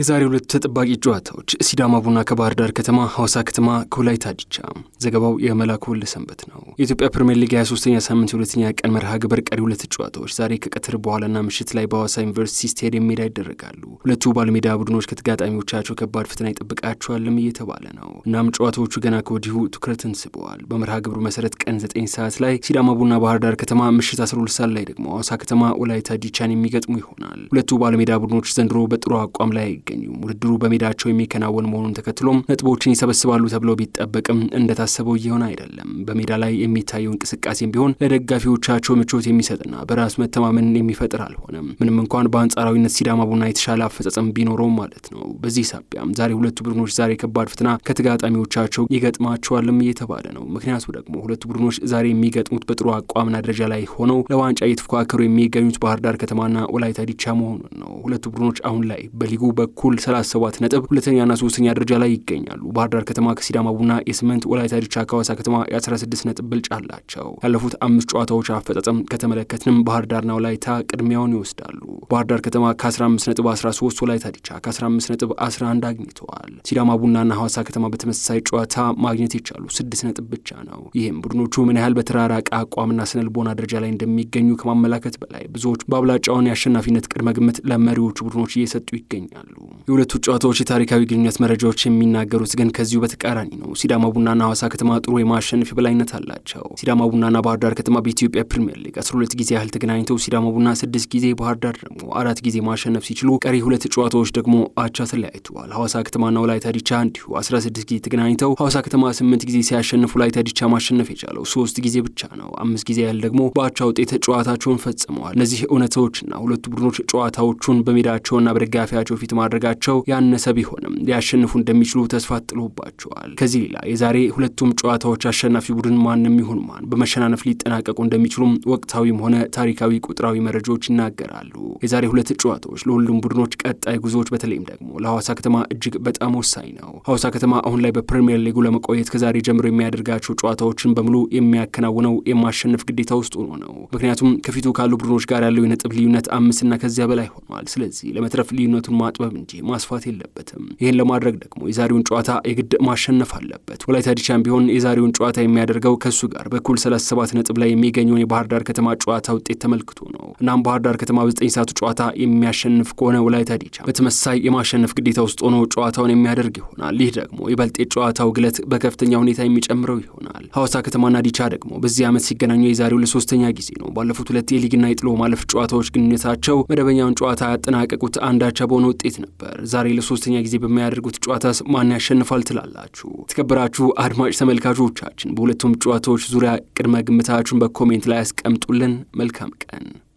የዛሬ ሁለት ተጠባቂ ጨዋታዎች ሲዳማ ቡና ከባህር ዳር ከተማ፣ ሐዋሳ ከተማ ከወላይታ ድቻ። ዘገባው የመላኩ ሰንበት ነው። የኢትዮጵያ ፕሪምየር ሊግ 23ኛ ሳምንት የሁለተኛ ቀን መርሃ ግብር ቀሪ ሁለት ጨዋታዎች ዛሬ ከቀትር በኋላና ምሽት ላይ በሐዋሳ ዩኒቨርሲቲ ስቴዲየም ሜዳ ይደረጋሉ። ሁለቱ ባለሜዳ ቡድኖች ከተጋጣሚዎቻቸው ከባድ ፈተና ይጠብቃቸዋልም እየተባለ ነው። እናም ጨዋታዎቹ ገና ከወዲሁ ትኩረትን ስበዋል። በመርሃ ግብሩ መሰረት ቀን 9 ሰዓት ላይ ሲዳማ ቡና ባህር ዳር ከተማ፣ ምሽት 12 ሰዓት ላይ ደግሞ ሐዋሳ ከተማ ወላይታ ድቻን የሚገጥሙ ይሆናል። ሁለቱ ባለሜዳ ቡድኖች ዘንድሮ በጥሩ አቋም ላይ አይገኙም። ውድድሩ በሜዳቸው የሚከናወን መሆኑን ተከትሎም ነጥቦችን ይሰበስባሉ ተብለው ቢጠበቅም እንደታሰበው እየሆነ አይደለም። በሜዳ ላይ የሚታየው እንቅስቃሴም ቢሆን ለደጋፊዎቻቸው ምቾት የሚሰጥና በራስ መተማመን የሚፈጥር አልሆነም። ምንም እንኳን በአንጻራዊነት ሲዳማ ቡና የተሻለ አፈጻጸም ቢኖረውም ማለት ነው። በዚህ ሳቢያም ዛሬ ሁለቱ ቡድኖች ዛሬ ከባድ ፍትና ከተጋጣሚዎቻቸው ይገጥማቸዋልም እየተባለ ነው። ምክንያቱ ደግሞ ሁለቱ ቡድኖች ዛሬ የሚገጥሙት በጥሩ አቋምና ደረጃ ላይ ሆነው ለዋንጫ እየተፎካከሩ የሚገኙት ባህር ዳር ከተማና ወላይታ ዲቻ መሆኑን ነው። ሁለቱ ቡድኖች አሁን ላይ በሊጉ እኩል 37 ነጥብ ሁለተኛና ሶስተኛ ደረጃ ላይ ይገኛሉ። ባህር ዳር ከተማ ከሲዳማ ቡና የስምንት ወላይታ ድቻ ከሐዋሳ ከተማ የ16 ነጥብ ብልጫ አላቸው። ያለፉት አምስት ጨዋታዎች አፈጻጸም ከተመለከትንም ባህር ዳርና ወላይታ ቅድሚያውን ይወስዳሉ። ባህር ዳር ከተማ ከ15 ነጥብ 13 ወላይታ ዲቻ ከ15 ነጥብ 11 አግኝተዋል። ሲዳማ ቡናና ሐዋሳ ከተማ በተመሳሳይ ጨዋታ ማግኘት የቻሉ ስድስት ነጥብ ብቻ ነው። ይህም ቡድኖቹ ምን ያህል በተራራቀ አቋምና ስነልቦና ደረጃ ላይ እንደሚገኙ ከማመላከት በላይ ብዙዎች በአብላጫውን የአሸናፊነት ቅድመ ግምት ለመሪዎቹ ቡድኖች እየሰጡ ይገኛሉ። የሁለቱ ጨዋታዎች የታሪካዊ ግንኙነት መረጃዎች የሚናገሩት ግን ከዚሁ በተቃራኒ ነው። ሲዳማ ቡናና ሐዋሳ ከተማ ጥሩ የማሸነፍ የበላይነት አላቸው። ሲዳማ ቡናና ባህር ዳር ከተማ በኢትዮጵያ ፕሪምየር ሊግ 12 ጊዜ ያህል ተገናኝተው ሲዳማ ቡና ስድስት ጊዜ ባህር ዳር ደግሞ አራት ጊዜ ማሸነፍ ሲችሉ ቀሪ ሁለት ጨዋታዎች ደግሞ አቻ ተለያይተዋል። ሐዋሳ ከተማና ወላይታ ዲቻ እንዲሁ 16 ጊዜ ተገናኝተው ሐዋሳ ከተማ 8 ጊዜ ሲያሸንፍ ወላይታ ዲቻ ማሸነፍ የቻለው ሶስት ጊዜ ብቻ ነው። አምስት ጊዜ ያህል ደግሞ በአቻ ውጤት ጨዋታቸውን ፈጽመዋል። እነዚህ እውነቶችና ሁለቱ ቡድኖች ጨዋታዎቹን በሜዳቸውና በደጋፊያቸው ፊት ማድረጋቸው ያነሰ ቢሆንም ሊያሸንፉ እንደሚችሉ ተስፋ ጥሎባቸዋል። ከዚህ ሌላ የዛሬ ሁለቱም ጨዋታዎች አሸናፊ ቡድን ማንም ይሁን ማን በመሸናነፍ ሊጠናቀቁ እንደሚችሉም ወቅታዊም ሆነ ታሪካዊ ቁጥራዊ መረጃዎች ይናገራሉ። የዛሬ ሁለት ጨዋታዎች ለሁሉም ቡድኖች ቀጣይ ጉዞዎች በተለይም ደግሞ ለሐዋሳ ከተማ እጅግ በጣም ወሳኝ ነው። ሐዋሳ ከተማ አሁን ላይ በፕሪምየር ሊጉ ለመቆየት ከዛሬ ጀምሮ የሚያደርጋቸው ጨዋታዎችን በሙሉ የሚያከናውነው የማሸነፍ ግዴታ ውስጥ ሆኖ ነው። ምክንያቱም ከፊቱ ካሉ ቡድኖች ጋር ያለው የነጥብ ልዩነት አምስትና ከዚያ በላይ ሆኗል። ስለዚህ ለመትረፍ ልዩነቱን ማጥበብ እንጂ ማስፋት የለበትም። ይህን ለማድረግ ደግሞ የዛሬውን ጨዋታ የግድ ማሸነፍ አለበት። ወላይታ ዲቻም ቢሆን የዛሬውን ጨዋታ የሚያደርገው ከእሱ ጋር በኩል 37 ነጥብ ላይ የሚገኘውን የባህር ዳር ከተማ ጨዋታ ውጤት ተመልክቶ ነው። እናም ባህር ዳር ከተማ በ9 ሰዓት ጨዋታ የሚያሸንፍ ከሆነ ወላይታ ዲቻ በተመሳይ የማሸነፍ ግዴታ ውስጥ ሆኖ ጨዋታውን የሚያደርግ ይሆናል። ይህ ደግሞ ይበልጥ የጨዋታው ግለት በከፍተኛ ሁኔታ የሚጨምረው ይሆናል። ሐዋሳ ከተማና ዲቻ ደግሞ በዚህ ዓመት ሲገናኙ የዛሬው ለሶስተኛ ጊዜ ነው። ባለፉት ሁለት የሊግና የጥሎ ማለፍ ጨዋታዎች ግንኙነታቸው መደበኛውን ጨዋታ ያጠናቀቁት አንዳቻ በሆነ ውጤት ነበር። ዛሬ ለሶስተኛ ጊዜ በሚያደርጉት ጨዋታስ ማን ያሸንፋል ትላላችሁ? የተከበራችሁ አድማጭ ተመልካቾቻችን በሁለቱም ጨዋታዎች ዙሪያ ቅድመ ግምታችሁን በኮሜንት ላይ ያስቀምጡልን። መልካም ቀን